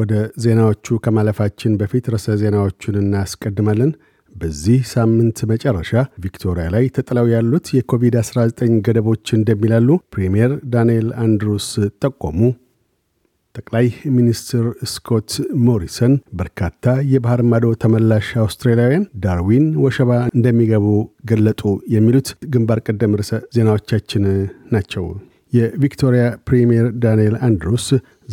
ወደ ዜናዎቹ ከማለፋችን በፊት ርዕሰ ዜናዎቹን እናስቀድማለን። በዚህ ሳምንት መጨረሻ ቪክቶሪያ ላይ ተጥለው ያሉት የኮቪድ-19 ገደቦች እንደሚላሉ ፕሪምየር ዳንኤል አንድሩስ ጠቆሙ። ጠቅላይ ሚኒስትር ስኮት ሞሪሰን በርካታ የባህር ማዶ ተመላሽ አውስትራሊያውያን ዳርዊን ወሸባ እንደሚገቡ ገለጡ። የሚሉት ግንባር ቀደም ርዕሰ ዜናዎቻችን ናቸው። የቪክቶሪያ ፕሪምየር ዳንኤል አንድሩስ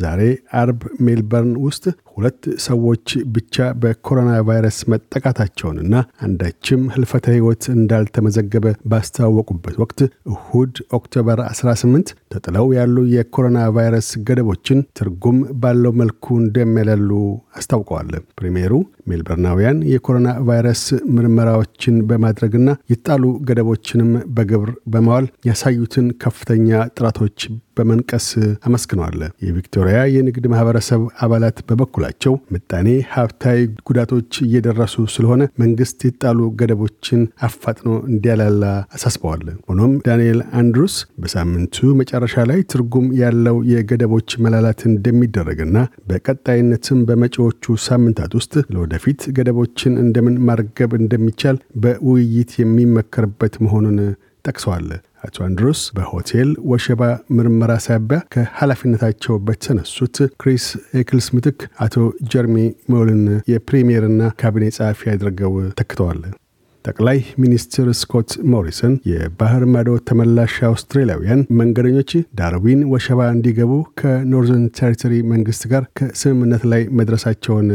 ዛሬ አርብ ሜልበርን ውስጥ ሁለት ሰዎች ብቻ በኮሮና ቫይረስ መጠቃታቸውንና አንዳችም ህልፈተ ሕይወት እንዳልተመዘገበ ባስተዋወቁበት ወቅት እሁድ ኦክቶበር 18 ተጥለው ያሉ የኮሮና ቫይረስ ገደቦችን ትርጉም ባለው መልኩ እንደሚያለሉ አስታውቀዋል። ፕሪሜሩ ሜልበርናውያን የኮሮና ቫይረስ ምርመራዎችን በማድረግና የጣሉ ገደቦችንም በግብር በማዋል ያሳዩትን ከፍተኛ ጥረቶች በመንቀስ አመስግኗለ። የቪክቶሪያ የንግድ ማህበረሰብ አባላት በበኩላቸው ምጣኔ ሀብታዊ ጉዳቶች እየደረሱ ስለሆነ መንግስት የጣሉ ገደቦችን አፋጥኖ እንዲያላላ አሳስበዋል። ሆኖም ዳንኤል አንድሩስ በሳምንቱ መጨረሻ ላይ ትርጉም ያለው የገደቦች መላላት እንደሚደረግና በቀጣይነትም በመጪዎቹ ሳምንታት ውስጥ ለወደፊት ገደቦችን እንደምን ማርገብ እንደሚቻል በውይይት የሚመከርበት መሆኑን ጠቅሰዋል። አቶ አንድሮስ በሆቴል ወሸባ ምርመራ ሳቢያ ከኃላፊነታቸው በተነሱት ክሪስ ኤክልስ ምትክ አቶ ጀርሚ ሞልን የፕሪምየርና ካቢኔ ጸሐፊ አድርገው ተክተዋል። ጠቅላይ ሚኒስትር ስኮት ሞሪሰን የባህር ማዶ ተመላሽ አውስትራሊያውያን መንገደኞች ዳርዊን ወሸባ እንዲገቡ ከኖርዘርን ቴሪቶሪ መንግስት ጋር ከስምምነት ላይ መድረሳቸውን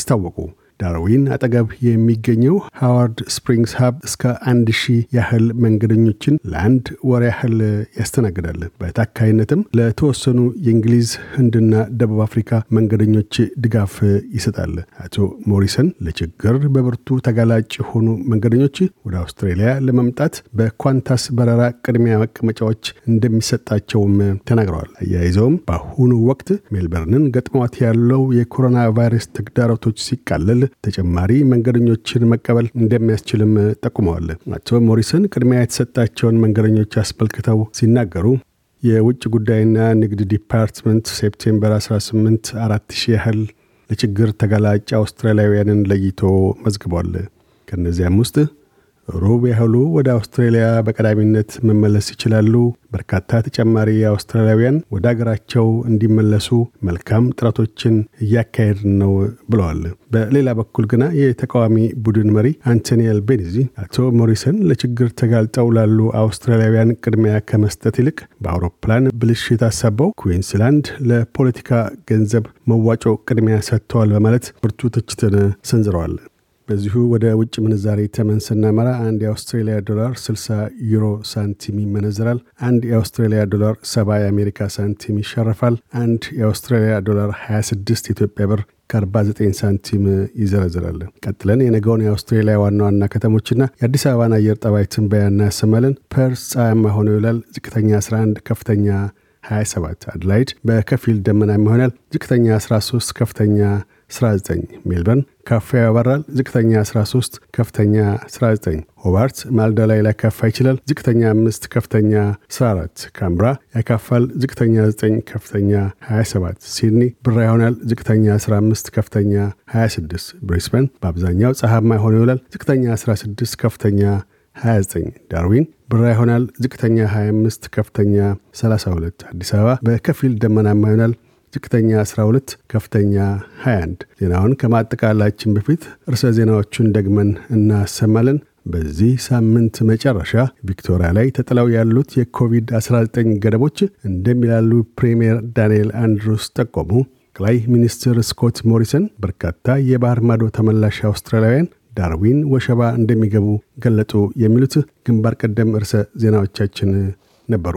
አስታወቁ። ዳርዊን አጠገብ የሚገኘው ሃዋርድ ስፕሪንግስ ሀብ እስከ አንድ ሺህ ያህል መንገደኞችን ለአንድ ወር ያህል ያስተናግዳል። በታካይነትም ለተወሰኑ የእንግሊዝ፣ ህንድና ደቡብ አፍሪካ መንገደኞች ድጋፍ ይሰጣል። አቶ ሞሪሰን ለችግር በብርቱ ተጋላጭ የሆኑ መንገደኞች ወደ አውስትራሊያ ለመምጣት በኳንታስ በረራ ቅድሚያ መቀመጫዎች እንደሚሰጣቸውም ተናግረዋል። አያይዘውም በአሁኑ ወቅት ሜልበርንን ገጥሟት ያለው የኮሮና ቫይረስ ተግዳሮቶች ሲቃለል ተጨማሪ መንገደኞችን መቀበል እንደሚያስችልም ጠቁመዋል። አቶ ሞሪሰን ቅድሚያ የተሰጣቸውን መንገደኞች አስመልክተው ሲናገሩ የውጭ ጉዳይና ንግድ ዲፓርትመንት ሴፕቴምበር 18 4 ሺህ ያህል ለችግር ተጋላጭ አውስትራሊያውያንን ለይቶ መዝግቧል። ከእነዚያም ውስጥ ሩብ ያህሉ ወደ አውስትራሊያ በቀዳሚነት መመለስ ይችላሉ። በርካታ ተጨማሪ አውስትራሊያውያን ወደ አገራቸው እንዲመለሱ መልካም ጥረቶችን እያካሄድ ነው ብለዋል። በሌላ በኩል ግና የተቃዋሚ ቡድን መሪ አንቶኒ አልቤኒዚ አቶ ሞሪሰን ለችግር ተጋልጠው ላሉ አውስትራሊያውያን ቅድሚያ ከመስጠት ይልቅ በአውሮፕላን ብልሽት አሳበው ኩዊንስላንድ ለፖለቲካ ገንዘብ መዋጮ ቅድሚያ ሰጥተዋል በማለት ብርቱ ትችትን ሰንዝረዋል። በዚሁ ወደ ውጭ ምንዛሬ ተመን ስናመራ አንድ የአውስትሬሊያ ዶላር 60 ዩሮ ሳንቲም ይመነዝራል። አንድ የአውስትሬሊያ ዶላር 70 የአሜሪካ ሳንቲም ይሸረፋል። አንድ የአውስትሬልያ ዶላር 26 የኢትዮጵያ ብር ከ49 ሳንቲም ይዘረዝራል። ቀጥለን የነገውን የአውስትሬሊያ ዋና ዋና ከተሞችና የአዲስ አበባን አየር ጠባይ ትንበያ እናሰማለን። ፐርስ ፀሐያማ ሆኖ ይውላል። ዝቅተኛ 11፣ ከፍተኛ 27። አድላይድ በከፊል ደመና ይሆናል። ዝቅተኛ 13፣ ከፍተኛ 19 ሜልበርን ካፋ ያበራል። ዝቅተኛ 13 ከፍተኛ 19 ሆባርት ማልዳ ላይ ሊያካፋ ይችላል። ዝቅተኛ 5 ከፍተኛ 14 ካምብራ ያካፋል። ዝቅተኛ 9 ከፍተኛ 27 ሲድኒ ብራ ይሆናል። ዝቅተኛ 15 ከፍተኛ 26 ብሪስበን በአብዛኛው ፀሐማ ሆኖ ይውላል። ዝቅተኛ 16 ከፍተኛ 29 ዳርዊን ብራ ይሆናል። ዝቅተኛ 25 ከፍተኛ 32 አዲስ አበባ በከፊል ደመናማ ይሆናል። ዝቅተኛ 12፣ ከፍተኛ 21። ዜናውን ከማጠቃላችን በፊት ርዕሰ ዜናዎቹን ደግመን እናሰማለን። በዚህ ሳምንት መጨረሻ ቪክቶሪያ ላይ ተጥለው ያሉት የኮቪድ-19 ገደቦች እንደሚላሉ ፕሬምየር ዳንኤል አንድሩስ ጠቆሙ። ጠቅላይ ሚኒስትር ስኮት ሞሪሰን በርካታ የባህር ማዶ ተመላሽ አውስትራሊያውያን ዳርዊን ወሸባ እንደሚገቡ ገለጡ። የሚሉት ግንባር ቀደም ርዕሰ ዜናዎቻችን ነበሩ።